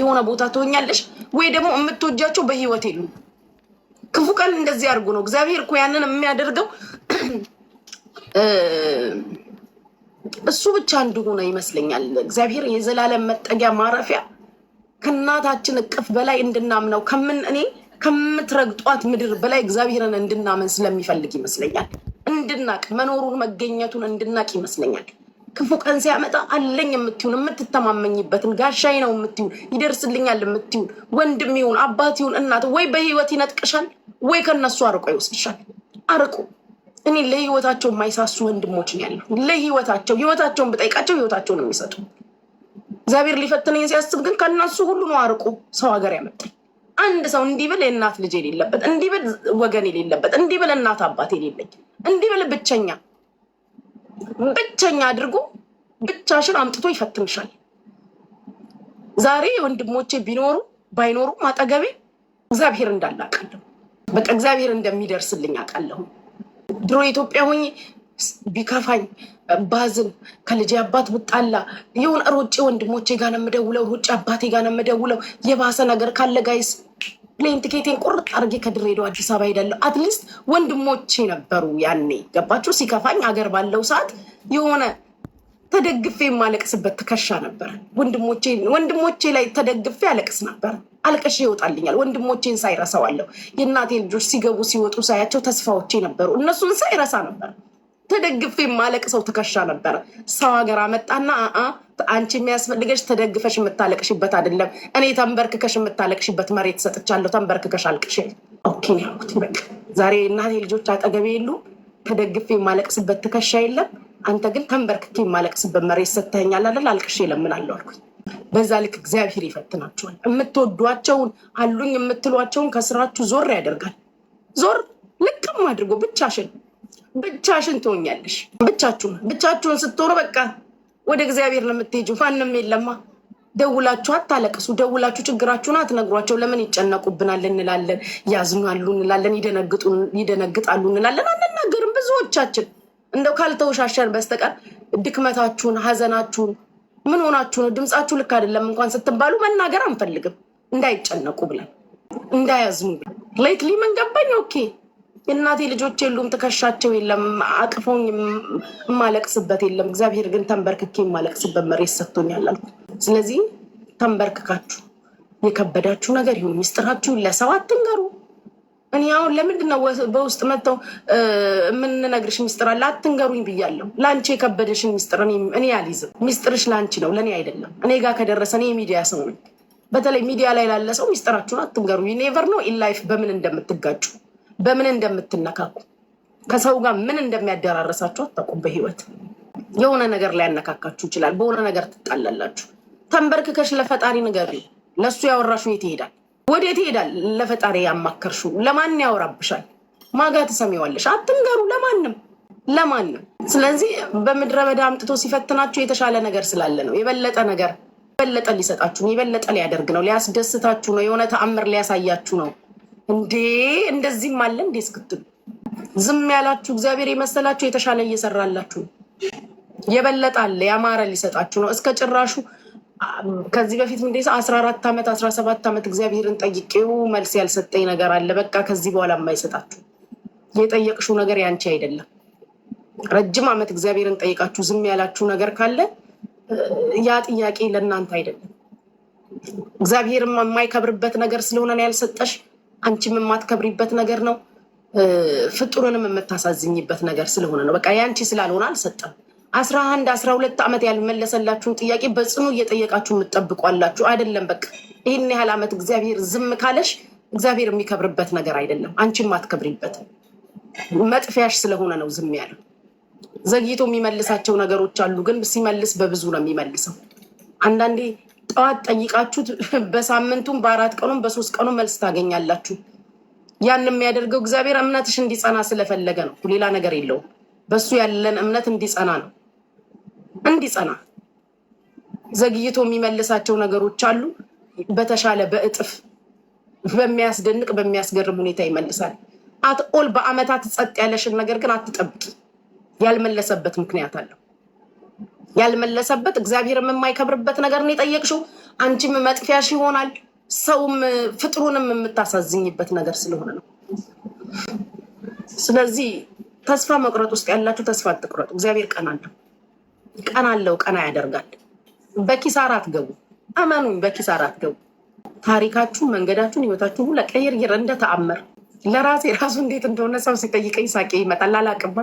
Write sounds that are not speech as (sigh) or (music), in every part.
የሆነ ቦታ ትሆኛለሽ ወይ ደግሞ የምትወጃቸው በህይወት የሉ። ክፉ ቀን እንደዚህ አድርጎ ነው እግዚአብሔር እኮ ያንን የሚያደርገው እሱ ብቻ እንደሆነ ይመስለኛል። እግዚአብሔር የዘላለም መጠጊያ ማረፊያ ከእናታችን እቅፍ በላይ እንድናምነው ከምን እኔ ከምትረግጧት ምድር በላይ እግዚአብሔርን እንድናመን ስለሚፈልግ ይመስለኛል። እንድናቅ መኖሩን መገኘቱን እንድናቅ ይመስለኛል። ክፉ ቀን ሲያመጣ አለኝ የምትሆን የምትተማመኝበትን ጋሻዬ ነው የምትሆን ይደርስልኛል የምትሆን ወንድም ይሁን አባት ይሁን እናት ወይ በህይወት ይነጥቅሻል፣ ወይ ከነሱ አርቆ ይወስድሻል። አርቆ እኔ ለህይወታቸው የማይሳሱ ወንድሞች ያለ ለህይወታቸው ህይወታቸውን ብጠይቃቸው ህይወታቸውን የሚሰጡ እግዚአብሔር ሊፈትነኝ ሲያስብ ግን ከእነሱ ሁሉ ነው አርቆ ሰው ሀገር ያመጣኝ። አንድ ሰው እንዲብል የእናት ልጅ የሌለበት እንዲህ ወገን የሌለበት እንዲብል እናት አባት የሌለኝ እንዲህ ብቸኛ ብቸኛ አድርጎ ብቻሽን አምጥቶ ይፈትንሻል። ዛሬ ወንድሞቼ ቢኖሩ ባይኖሩ አጠገቤ እግዚአብሔር እንዳለ አውቃለሁ። በቃ እግዚአብሔር እንደሚደርስልኝ አውቃለሁ። ድሮ ኢትዮጵያ ሆኜ ቢከፋኝ ባዝን ከልጅ አባት ብጣላ የሆነ ሮጬ ወንድሞቼ ጋር ነው የምደውለው፣ ሮጬ አባቴ ጋር ነው የምደውለው። የባሰ ነገር ካለ ጋይስ ፕሌን ቲኬቴን ቁርጥ አድርጌ ከድሬዳዋ አዲስ አበባ ሄዳለሁ። አትሊስት ወንድሞቼ ነበሩ ያኔ ገባችሁ። ሲከፋኝ አገር ባለው ሰዓት የሆነ ተደግፌ የማለቅስበት ትከሻ ነበር። ወንድሞቼ ላይ ተደግፌ አለቅስ ነበር። አልቀሽ ይወጣልኛል። ወንድሞቼን ሳይረሳዋለሁ። የእናቴ ልጆች ሲገቡ ሲወጡ ሳያቸው ተስፋዎቼ ነበሩ። እነሱን ሳይረሳ ነበር ተደግፌ የማለቅሰው ትከሻ ነበር። ሰው ሀገር አመጣና አንቺ የሚያስፈልገሽ ተደግፈሽ የምታለቅሽበት አይደለም። እኔ ተንበርክከሽ የምታለቅሽበት መሬት ሰጥቻለሁ። ተንበርክከሽ አልቅሽ። ኦኬ ያልኩት በቃ ዛሬ እናቴ ልጆች አጠገቤ የሉ ተደግፌ የማለቅስበት ትከሻ የለም። አንተ ግን ተንበርክኬ የማለቅስበት መሬት ሰጥተኸኛል አይደል? አልቅሽ እለምናለሁ አልኩት። በዛ ልክ እግዚአብሔር ይፈትናቸዋል። የምትወዷቸውን አሉኝ የምትሏቸውን ከስራችሁ ዞር ያደርጋል። ዞር ልክም አድርጎ ብቻሽን ብቻሽን ትሆኛለሽ። ብቻችሁን ብቻችሁን ስትሆኑ በቃ ወደ እግዚአብሔር ነው የምትሄጂው። ማንም የለማ። ደውላችሁ አታለቅሱ። ደውላችሁ ችግራችሁን አትነግሯቸው። ለምን ይጨነቁብናል እንላለን፣ ያዝናሉ እንላለን፣ ይደነግጣሉ እንላለን። አንናገርም ብዙዎቻችን እንደው ካልተወሻሸን በስተቀር ድክመታችሁን፣ ሀዘናችሁን ምን ሆናችሁ ነው? ድምፃችሁ ልክ አይደለም እንኳን ስትባሉ መናገር አንፈልግም፣ እንዳይጨነቁ ብለን እንዳያዝኑ ብለን ሌትሊ ምን ገባኝ ኦኬ የእናቴ ልጆች የሉም፣ ትከሻቸው የለም፣ አቅፎኝ የማለቅስበት የለም። እግዚአብሔር ግን ተንበርክኬ የማለቅስበት መሬት ሰጥቶኛል አልኩት። ስለዚህ ተንበርክካችሁ የከበዳችሁ ነገር ይሁን ሚስጥራችሁን ለሰው አትንገሩ። እኔ አሁን ለምንድን ነው በውስጥ መጥተው የምንነግርሽ ሚስጥር አለ አትንገሩኝ ብያለሁ። ለአንቺ የከበደሽን ሚስጥር እኔ አልይዝም። ሚስጥርሽ ለአንቺ ነው፣ ለእኔ አይደለም። እኔ ጋር ከደረሰ እኔ የሚዲያ ሰው ነኝ። በተለይ ሚዲያ ላይ ላለ ሰው ሚስጥራችሁን አትንገሩ። ኔቨር ነው ኢን ላይፍ በምን እንደምትጋጩ በምን እንደምትነካኩ ከሰው ጋር ምን እንደሚያደራረሳችሁ አታውቁም። በህይወት የሆነ ነገር ሊያነካካችሁ ይችላል። በሆነ ነገር ትጣላላችሁ። ተንበርክከሽ ለፈጣሪ ንገሪው። ለእሱ ያወራሽው የት ይሄዳል? ወዴት ይሄዳል? ለፈጣሪ ያማከርሽው ለማን ያወራብሻል? ማጋ ትሰሚዋለሽ። አትንገሩ ለማንም ለማንም። ስለዚህ በምድረ በዳ አምጥቶ ሲፈትናችሁ የተሻለ ነገር ስላለ ነው። የበለጠ ነገር የበለጠ ሊሰጣችሁ የበለጠ ሊያደርግ ነው። ሊያስደስታችሁ ነው። የሆነ ተአምር ሊያሳያችሁ ነው። እንዴ እንደዚህም አለ እንዴ እስክትሉ ዝም ያላችሁ እግዚአብሔር የመሰላችሁ የተሻለ እየሰራላችሁ ነው። የበለጠ ያማረ ሊሰጣችሁ ነው። እስከ ጭራሹ ከዚህ በፊት እንደ አስራ አራት ዓመት አስራ ሰባት ዓመት እግዚአብሔርን ጠይቄው መልስ ያልሰጠኝ ነገር አለ። በቃ ከዚህ በኋላ የማይሰጣችሁ የጠየቅሽው ነገር ያንቺ አይደለም። ረጅም ዓመት እግዚአብሔርን ጠይቃችሁ ዝም ያላችሁ ነገር ካለ ያ ጥያቄ ለእናንተ አይደለም። እግዚአብሔር የማይከብርበት ነገር ስለሆነ ያልሰጠሽ። አንቺም የማትከብሪበት ነገር ነው። ፍጡርንም የምታሳዝኝበት ነገር ስለሆነ ነው። በቃ የአንቺ ስላልሆነ አልሰጠም። አስራ አንድ አስራ ሁለት ዓመት ያልመለሰላችሁን ጥያቄ በጽኑ እየጠየቃችሁ የምትጠብቋላችሁ አይደለም። በቃ ይህን ያህል ዓመት እግዚአብሔር ዝም ካለሽ እግዚአብሔር የሚከብርበት ነገር አይደለም። አንቺ የማትከብሪበት መጥፊያሽ ስለሆነ ነው ዝም ያለው። ዘግይቶ የሚመልሳቸው ነገሮች አሉ፣ ግን ሲመልስ በብዙ ነው የሚመልሰው አንዳንዴ ጠዋት ጠይቃችሁት በሳምንቱም በአራት ቀኑም በሶስት ቀኑ መልስ ታገኛላችሁ። ያን የሚያደርገው እግዚአብሔር እምነትሽ እንዲጸና ስለፈለገ ነው። ሌላ ነገር የለውም። በሱ ያለን እምነት እንዲጸና ነው። እንዲጸና ዘግይቶ የሚመልሳቸው ነገሮች አሉ። በተሻለ በእጥፍ በሚያስደንቅ በሚያስገርም ሁኔታ ይመልሳል። አት ኦል በአመታት ጸጥ ያለሽን ነገር ግን አትጠብቂ። ያልመለሰበት ምክንያት አለው። ያልመለሰበት እግዚአብሔርም የማይከብርበት ነገር ነው የጠየቅሽው። አንቺም መጥፊያሽ ይሆናል፣ ሰውም ፍጥሩንም የምታሳዝኝበት ነገር ስለሆነ ነው። ስለዚህ ተስፋ መቁረጥ ውስጥ ያላችሁ ተስፋ አትቁረጡ። እግዚአብሔር ቀን አለው፣ ቀና አለው፣ ቀና ያደርጋል። በኪሳራ አትገቡ፣ እመኑኝ፣ በኪሳራ አትገቡ። ታሪካችሁን፣ መንገዳችሁን፣ ህይወታችሁን ሁላ ቀይር እንደ ተአምር ለራሴ ራሱ እንዴት እንደሆነ ሰው ሲጠይቀኝ ሳቄ ይመጣል። አላቅም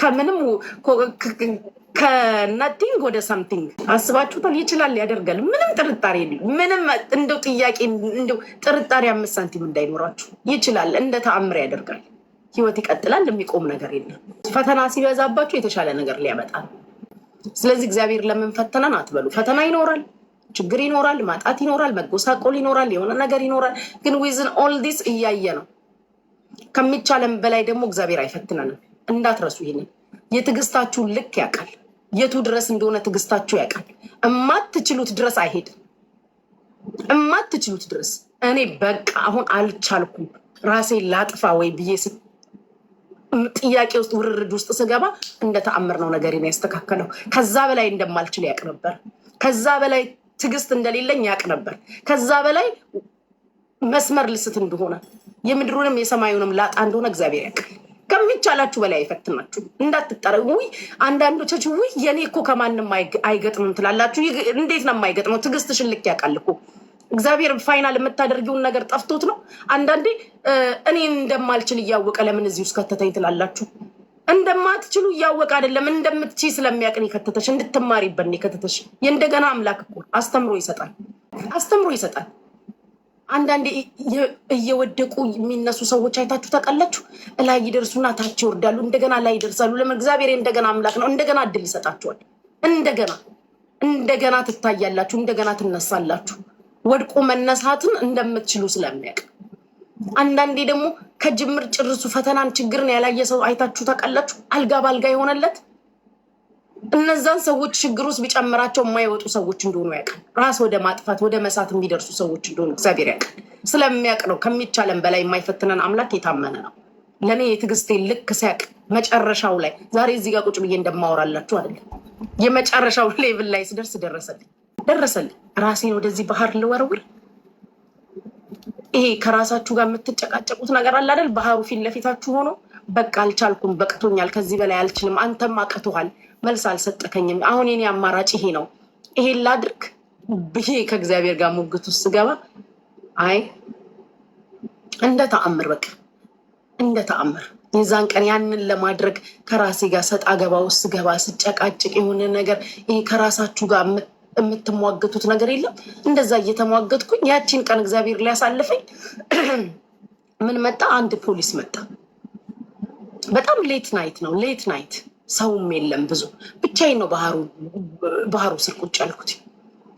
ከምንም ከነቲንግ ወደ ሳምቲንግ አስባችሁታል። ይችላል፣ ያደርጋል። ምንም ጥርጣሬ ምንም እንደው ጥያቄ እንደው ጥርጣሬ አምስት ሳንቲም እንዳይኖራችሁ ይችላል። እንደ ተአምር ያደርጋል። ህይወት ይቀጥላል። የሚቆም ነገር የለም። ፈተና ሲበዛባችሁ የተሻለ ነገር ሊያመጣ ነው። ስለዚህ እግዚአብሔር ለምን ፈተናን አትበሉ። ፈተና ይኖራል፣ ችግር ይኖራል፣ ማጣት ይኖራል፣ መጎሳቆል ይኖራል፣ የሆነ ነገር ይኖራል። ግን ዊዝን ኦል ዲስ እያየ ነው ከሚቻለን በላይ ደግሞ እግዚአብሔር አይፈትነንም። እንዳትረሱ ይሄንን የትዕግስታችሁን ልክ ያውቃል። የቱ ድረስ እንደሆነ ትግስታቸው ያውቃል። እማትችሉት ድረስ አይሄድም። እማትችሉት ድረስ እኔ በቃ አሁን አልቻልኩም ራሴን ላጥፋ ወይ ብዬ ጥያቄ ውስጥ ውርርድ ውስጥ ስገባ እንደ ተአምር ነው ነገር ያስተካከለው። ከዛ በላይ እንደማልችል ያውቅ ነበር። ከዛ በላይ ትዕግስት እንደሌለኝ ያውቅ ነበር። ከዛ በላይ መስመር ልስት እንደሆነ የምድሩንም የሰማዩንም ላጣ እንደሆነ እግዚአብሔር ያውቃል። ከሚቻላችሁ በላይ አይፈትናችሁ እንዳትጠረ ውይ አንዳንዶቻችሁ ውይ የኔ እኮ ከማንም አይገጥምም ትላላችሁ። እንዴት ነው የማይገጥመው? ትዕግስትሽን ልክ ያውቃል እኮ እግዚአብሔር ፋይናል የምታደርጊውን ነገር ጠፍቶት ነው። አንዳንዴ እኔ እንደማልችል እያወቀ ለምን እዚህ ውስጥ ከተተኝ ትላላችሁ። እንደማትችሉ እያወቀ አይደለም እንደምትች ስለሚያቅን የከተተሽ እንድትማሪበን የከተተሽ። የእንደገና አምላክ እኮ አስተምሮ ይሰጣል፣ አስተምሮ ይሰጣል። አንዳንዴ እየወደቁ የሚነሱ ሰዎች አይታችሁ ታውቃላችሁ። እላይ ይደርሱና ታች ይወርዳሉ፣ እንደገና ላይ ይደርሳሉ። ለምን እግዚአብሔር እንደገና አምላክ ነው። እንደገና እድል ይሰጣችኋል። እንደገና እንደገና ትታያላችሁ፣ እንደገና ትነሳላችሁ። ወድቆ መነሳትን እንደምትችሉ ስለሚያውቅ አንዳንዴ ደግሞ ከጅምር ጭርሱ ፈተናን ችግርን ያላየ ሰው አይታችሁ ታውቃላችሁ። አልጋ ባልጋ የሆነለት እነዛን ሰዎች ችግር ውስጥ ቢጨምራቸው የማይወጡ ሰዎች እንደሆኑ ያውቃል። ራስ ወደ ማጥፋት ወደ መሳት የሚደርሱ ሰዎች እንደሆኑ እግዚአብሔር ያውቃል። ስለሚያውቅ ነው። ከሚቻለን በላይ የማይፈትነን አምላክ የታመነ ነው። ለእኔ የትዕግስቴ ልክ ሲያውቅ መጨረሻው ላይ ዛሬ እዚህ ጋር ቁጭ ብዬ እንደማወራላችሁ አይደለም። የመጨረሻው ሌቭል ላይ ስደርስ ደረሰልኝ ደረሰልኝ። ራሴን ወደዚህ ባህር ልወርውር። ይሄ ከራሳችሁ ጋር የምትጨቃጨቁት ነገር አለ አይደል? ባህሩ ፊት ለፊታችሁ ሆኖ በቃ አልቻልኩም፣ በቅቶኛል፣ ከዚህ በላይ አልችልም፣ አንተም አቅቶሃል፣ መልስ አልሰጠከኝም፣ አሁን የኔ አማራጭ ይሄ ነው፣ ይሄን ላድርግ ብዬ ከእግዚአብሔር ጋር ሙግት ውስጥ ስገባ አይ እንደ ተአምር በቃ እንደ ተአምር የዛን ቀን ያንን ለማድረግ ከራሴ ጋር ሰጣ ገባ ውስጥ ገባ ስጨቃጭቅ የሆነ ነገር ይሄ ከራሳችሁ ጋር የምትሟገቱት ነገር የለም። እንደዛ እየተሟገጥኩኝ ያቺን ቀን እግዚአብሔር ሊያሳልፈኝ (clears throat) ምን መጣ? አንድ ፖሊስ መጣ። በጣም ሌት ናይት ነው። ሌት ናይት ሰውም የለም ብዙ። ብቻዬን ነው ባህሩ ስር ቁጭ ያልኩት።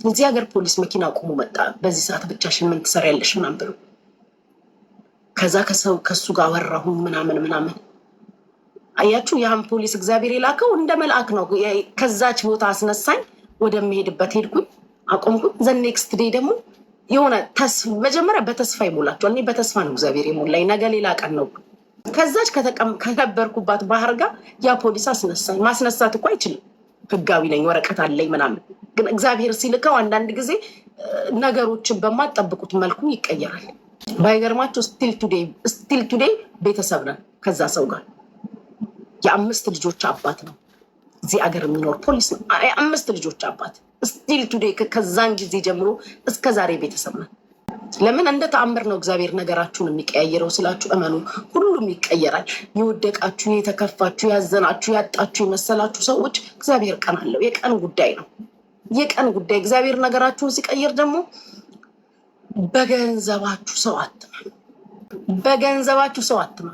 እዚህ ሀገር ፖሊስ መኪና ቆሞ መጣ። በዚህ ሰዓት ብቻሽን ምን ትሰሪያለሽ? ምናምን ብሎ ከዛ ከሰው ከሱ ጋር አወራሁኝ ምናምን ምናምን። አያችሁ ያህን ፖሊስ እግዚአብሔር የላከው እንደ መልአክ ነው። ከዛች ቦታ አስነሳኝ፣ ወደሚሄድበት ሄድኩኝ፣ አቆምኩኝ። ዘ ኔክስት ዴይ ደግሞ የሆነ መጀመሪያ በተስፋ ይሞላቸዋል። እኔ በተስፋ ነው እግዚአብሔር የሞላኝ። ነገ ሌላ ቀን ነው ከዛች ከነበርኩባት ባህር ጋር ያ ፖሊስ አስነሳኝ። ማስነሳት እኮ አይችልም፣ ህጋዊ ነኝ፣ ወረቀት አለኝ ምናምን። ግን እግዚአብሔር ሲልከው አንዳንድ ጊዜ ነገሮችን በማጠብቁት መልኩ ይቀየራል። ባይገርማቸው ስቲል ቱዴይ ቤተሰብ ነን ከዛ ሰው ጋር። የአምስት ልጆች አባት ነው፣ እዚህ አገር የሚኖር ፖሊስ ነው። የአምስት ልጆች አባት ስቲል ቱዴይ ከዛን ጊዜ ጀምሮ እስከ ዛሬ ቤተሰብ ነን። ለምን እንደ ተአምር ነው እግዚአብሔር ነገራችሁን የሚቀያየረው ስላችሁ፣ እመኑ፣ ሁሉም ይቀየራል። የወደቃችሁ፣ የተከፋችሁ፣ ያዘናችሁ፣ ያጣችሁ የመሰላችሁ ሰዎች እግዚአብሔር ቀን አለው። የቀን ጉዳይ ነው፣ የቀን ጉዳይ። እግዚአብሔር ነገራችሁን ሲቀይር ደግሞ በገንዘባችሁ ሰው አትማ በገንዘባችሁ ሰው አትማ